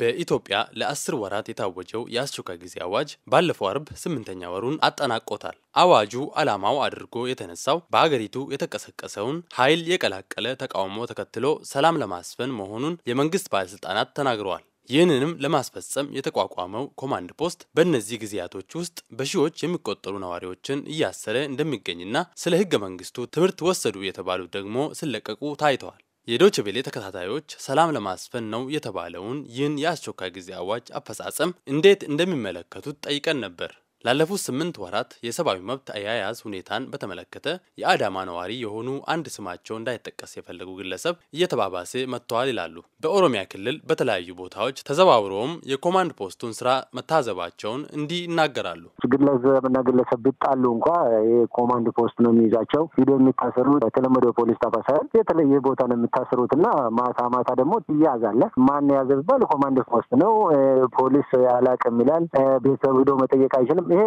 በኢትዮጵያ ለአስር ወራት የታወጀው የአስቸኳይ ጊዜ አዋጅ ባለፈው አርብ ስምንተኛ ወሩን አጠናቆታል። አዋጁ ዓላማው አድርጎ የተነሳው በአገሪቱ የተቀሰቀሰውን ኃይል የቀላቀለ ተቃውሞ ተከትሎ ሰላም ለማስፈን መሆኑን የመንግስት ባለስልጣናት ተናግረዋል። ይህንንም ለማስፈጸም የተቋቋመው ኮማንድ ፖስት በእነዚህ ጊዜያቶች ውስጥ በሺዎች የሚቆጠሩ ነዋሪዎችን እያሰረ እንደሚገኝና ስለ ህገ መንግስቱ ትምህርት ወሰዱ የተባሉት ደግሞ ሲለቀቁ ታይተዋል። የዶች ቤሌ ተከታታዮች ሰላም ለማስፈን ነው የተባለውን ይህን የአስቸኳይ ጊዜ አዋጅ አፈጻጸም እንዴት እንደሚመለከቱት ጠይቀን ነበር። ላለፉት ስምንት ወራት የሰብአዊ መብት አያያዝ ሁኔታን በተመለከተ የአዳማ ነዋሪ የሆኑ አንድ ስማቸው እንዳይጠቀስ የፈለጉ ግለሰብ እየተባባሰ መጥተዋል ይላሉ። በኦሮሚያ ክልል በተለያዩ ቦታዎች ተዘዋውረውም የኮማንድ ፖስቱን ስራ መታዘባቸውን እንዲህ ይናገራሉ። ግለሰብና ግለሰብ ቢጣሉ እንኳ የኮማንድ ፖስት ነው የሚይዛቸው። ሂዶ የሚታሰሩት የተለመደው ፖሊስ ታፋ ሳይሆን የተለየ ቦታ ነው የሚታሰሩት እና ማታ ማታ ደግሞ ትያዛለ። ማን የያዘ ቢባል ኮማንድ ፖስት ነው። ፖሊስ አላቅም ይላል። ቤተሰብ ሂዶ መጠየቅ አይችልም። ይሄ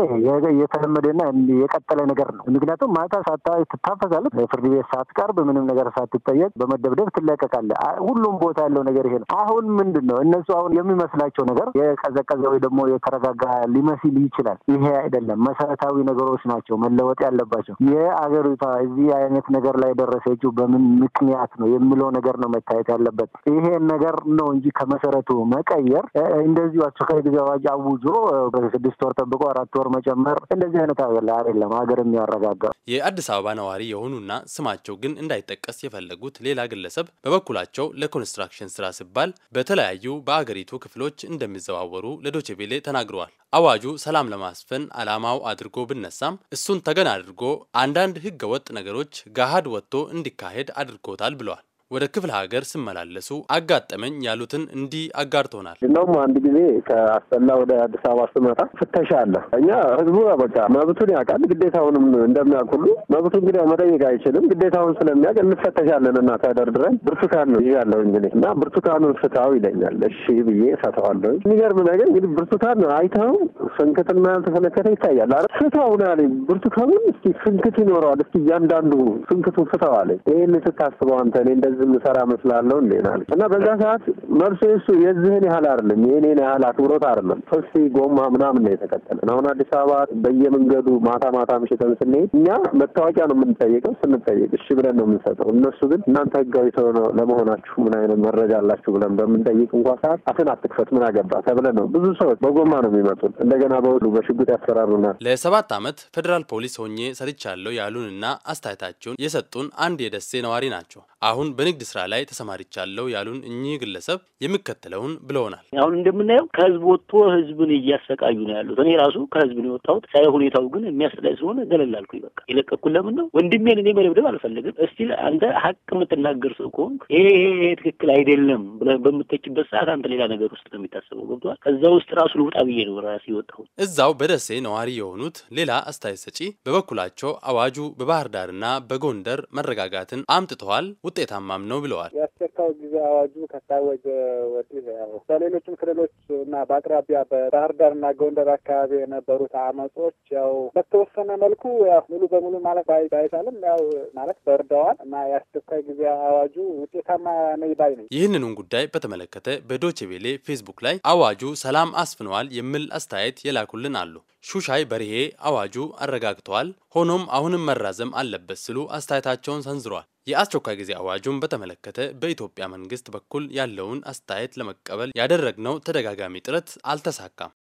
የተለመደና የቀጠለ ነገር ነው። ምክንያቱም ማታ ሳታይ ትታፈሳለች፣ ፍርድ ቤት ሳትቀርብ ምንም ነገር ሳትጠየቅ በመደብደብ ትለቀቃለህ። ሁሉም ቦታ ያለው ነገር ይሄ ነው። አሁን ምንድን ነው እነሱ አሁን የሚመስላቸው ነገር የቀዘቀዘ ወይ ደግሞ የተረጋጋ ሊመስል ይችላል። ይሄ አይደለም። መሰረታዊ ነገሮች ናቸው መለወጥ ያለባቸው። የአገሪቷ እዚህ አይነት ነገር ላይ ደረሰችው በምን ምክንያት ነው የሚለው ነገር ነው መታየት ያለበት። ይሄን ነገር ነው እንጂ ከመሰረቱ መቀየር እንደዚሁ አስቸኳይ ጊዜ አዋጅ አውጆ በስድስት ወር ጠብቆ አራት ሁለት ወር መጨመር እንደዚህ አይነት አበላ አይደለም ሀገር የሚያረጋጋ። የአዲስ አበባ ነዋሪ የሆኑና ስማቸው ግን እንዳይጠቀስ የፈለጉት ሌላ ግለሰብ በበኩላቸው ለኮንስትራክሽን ስራ ሲባል በተለያዩ በአገሪቱ ክፍሎች እንደሚዘዋወሩ ለዶቼቬሌ ተናግረዋል። አዋጁ ሰላም ለማስፈን ዓላማው አድርጎ ብነሳም እሱን ተገን አድርጎ አንዳንድ ህገ ወጥ ነገሮች ገሃድ ወጥቶ እንዲካሄድ አድርጎታል ብለዋል። ወደ ክፍለ ሀገር ሲመላለሱ አጋጠመኝ ያሉትን እንዲህ አጋርቶናል። እንደውም አንድ ጊዜ ከአስጠላ ወደ አዲስ አበባ ስመጣ ፍተሻ አለ። እኛ ህዝቡ በቃ መብቱን ያውቃል፣ ግዴታውንም እንደሚያውቅ ሁሉ መብቱ እንግዲህ መጠየቅ አይችልም። ግዴታውን ስለሚያውቅ እንፈተሻለን እና ተደርድረን ብርቱካን ነው ይዣለሁ እንግዲህ እና ብርቱካኑን ፍታው ይለኛል። እሺ ብዬ ፈተዋለሁ። የሚገርም ነገር እንግዲህ ብርቱካን አይተው ስንክትን ስንክትና ያልተፈነከተ ይታያል። አረ ፍታው ነው ያለኝ። ብርቱካኑን እስኪ ስንክት ይኖረዋል። እስኪ እያንዳንዱ ስንክቱን ፍታው አለኝ። ይህን ስታስበው አንተ እኔ እንደዚህ የምሰራ መስላለሁ እንዴናል እና በዛ ሰዓት መልሶ የሱ የዚህን ያህል አይደለም የእኔን ያህል አክብሮት አይደለም። ጥፊ ጎማ ምናምን ነው የተቀጠለ። አሁን አዲስ አበባ በየመንገዱ ማታ ማታ ምሽተን ስንሄድ እኛ መታወቂያ ነው የምንጠይቀው። ስንጠይቅ እሺ ብለን ነው የምንሰጠው። እነሱ ግን እናንተ ህጋዊ ሰው ለመሆናችሁ ምን አይነት መረጃ አላችሁ ብለን በምንጠይቅ እንኳ ሰዓት አፍን አትክፈት ምን አገባ ተብለን ነው ብዙ ሰዎች በጎማ ነው የሚመጡት። እንደገና በሁሉ በሽጉጥ ያስፈራሩናል። ለሰባት ዓመት ፌዴራል ፖሊስ ሆኜ ሰርቻለሁ ያሉንና አስተያየታቸውን የሰጡን አንድ የደሴ ነዋሪ ናቸው። አሁን በንግድ ስራ ላይ ተሰማርቻለሁ ያሉን እኚህ ግለሰብ የሚከተለውን ብለውናል። አሁን እንደምን የምናየው ከህዝብ ወጥቶ ህዝብን እያሰቃዩ ነው ያሉት። እኔ ራሱ ከህዝብ ነው የወጣሁት። ሳይ ሁኔታው ግን የሚያስጠላኝ ስለሆነ ገለል አልኩኝ። በቃ የለቀኩን ለምን ነው ወንድሜን እኔ መደብደብ አልፈልግም። እስቲ አንተ ሀቅ የምትናገር ሰው ከሆንክ ይሄ ትክክል አይደለም በምተችበት ሰዓት አንተ ሌላ ነገር ውስጥ ነው የሚታሰበው። ገብቶሃል? ከዛ ውስጥ ራሱ ልውጣ ብዬ ነው ራሱ የወጣሁት። እዛው በደሴ ነዋሪ የሆኑት ሌላ አስተያየት ሰጪ በበኩላቸው አዋጁ በባህር ዳርና በጎንደር መረጋጋትን አምጥተዋል፣ ውጤታማም ነው ብለዋል። የአስቸኳይ ጊዜ አዋጁ ከታወጀ ወዲህ በሌሎችም ክልሎች እና በአቅራቢያ በባህር ዳርና ጎንደር አካባቢ የነበሩት አመጾች ያው በተወሰነ መልኩ ያው ሙሉ በሙሉ ማለት ባይቻልም ያው ማለት በርደዋል እና የአስቸኳይ ጊዜ አዋጁ ውጤታማ ነኝ ባይ ነኝ። ይህንኑን ጉዳይ በተመለከተ በዶቼ ቬሌ ፌስቡክ ላይ አዋጁ ሰላም አስፍነዋል የሚል አስተያየት የላኩልን አሉ። ሹሻይ በርሄ አዋጁ አረጋግተዋል፣ ሆኖም አሁንም መራዘም አለበት ሲሉ አስተያየታቸውን ሰንዝረዋል። የአስቸኳይ ጊዜ አዋጁን በተመለከተ በኢትዮጵያ መንግስት በኩል ያለውን አስተያየት ለመቀበል ያደረግነው ተደጋጋሚ ጥረት አልተሳካም።